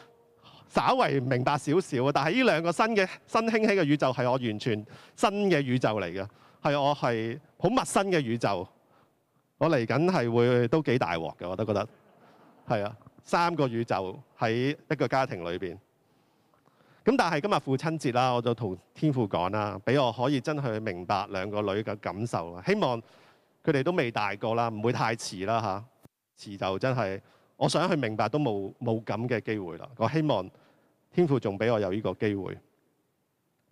Speaker 1: 稍為明白少少，但係呢兩個新嘅新興起嘅宇宙係我完全新嘅宇宙嚟嘅，係我係好陌生嘅宇宙。我嚟緊係會都幾大鑊嘅，我都覺得係啊。三個宇宙喺一個家庭裏邊。咁但係今日父親節啦，我就同天父講啦，俾我可以真係去明白兩個女嘅感受，希望佢哋都未大個啦，唔會太遲啦嚇。遲就真係我想去明白都冇冇咁嘅機會啦。我希望天父仲俾我有呢個機會。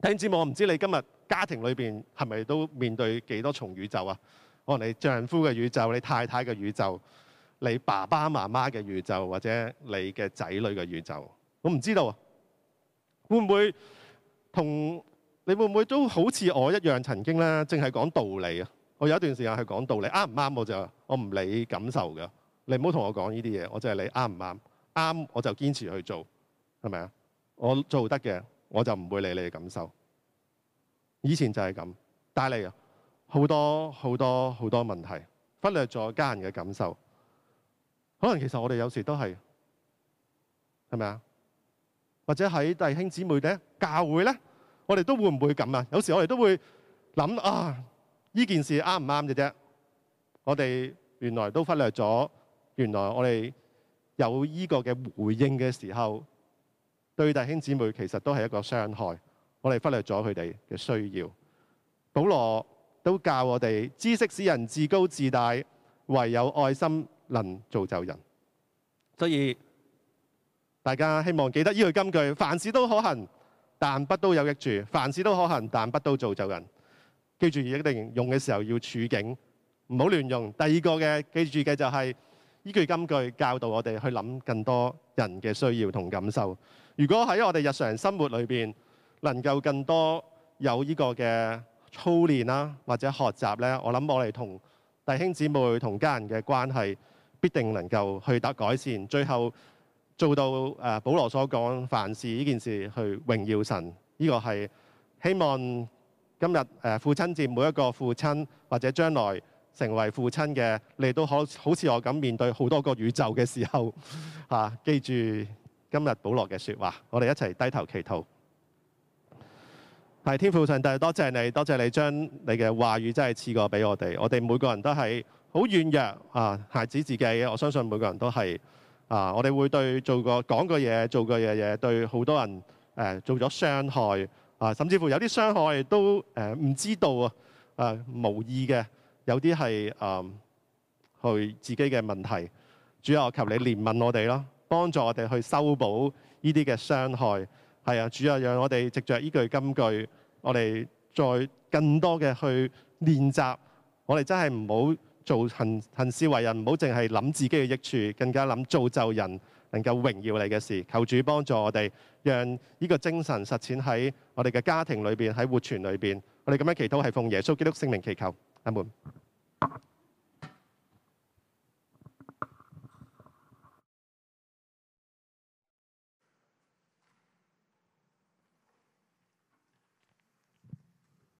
Speaker 1: 聽者，我唔知你今日家庭裏邊係咪都面對幾多重宇宙啊？我你丈夫嘅宇宙、你太太嘅宇宙、你爸爸媽媽嘅宇宙，或者你嘅仔女嘅宇宙，我唔知道。會唔會同你會唔會都好似我一樣曾經咧？淨係講道理啊！我有一段時間係講道理，啱唔啱我就我唔理感受㗎。你唔好同我講呢啲嘢，我就係理啱唔啱？啱我就堅持去做，係咪啊？我做得嘅我就唔會理你嘅感受。以前就係咁，帶嚟好多好多好多問題，忽略咗家人嘅感受。可能其實我哋有時都係係咪啊？是或者喺弟兄姊妹嘅教會咧，我哋都會唔會咁啊？有時我哋都會諗啊，呢件事啱唔啱嘅啫？我哋原來都忽略咗，原來我哋有依個嘅回應嘅時候，對弟兄姊妹其實都係一個傷害。我哋忽略咗佢哋嘅需要。保羅都教我哋，知識使人自高自大，唯有愛心能造就人。所以，大家希望記得依句金句：凡事都可行，但不都有益處；凡事都可行，但不都造就人。記住，一定用嘅時候要處境，唔好亂用。第二個嘅記住嘅就係、是、依句金句，教導我哋去諗更多人嘅需要同感受。如果喺我哋日常生活裏面，能夠更多有呢個嘅操練啦、啊，或者學習呢，我諗我哋同弟兄姊妹同家人嘅關係必定能夠去得改善。最後。做到保羅所講凡事呢件事去榮耀神，呢、這個係希望今日父親節，每一個父親或者將來成為父親嘅，你都可好似我咁面對好多個宇宙嘅時候嚇、啊。記住今日保羅嘅說話，我哋一齊低頭祈禱。係天父神，上帝多謝你，多謝你將你嘅話語真係賜過俾我哋。我哋每個人都係好軟弱啊，孩子自己，我相信每個人都係。啊！我哋會對做個講個嘢，做個嘢嘢對好多人誒、呃、做咗傷害啊！甚至乎有啲傷害都誒唔、呃、知道啊！啊、呃、無意嘅，有啲係誒去自己嘅問題。主啊，求你憐憫我哋啦，幫助我哋去修補呢啲嘅傷害。係啊，主啊，讓我哋藉着呢句金句，我哋再更多嘅去練習。我哋真係唔好。做行行事為人，唔好淨係諗自己嘅益處，更加諗造就人能夠榮耀你嘅事。求主幫助我哋，讓呢個精神實踐喺我哋嘅家庭裏邊，喺活泉裏邊。我哋咁樣祈禱，係奉耶穌基督聖名祈求。阿門。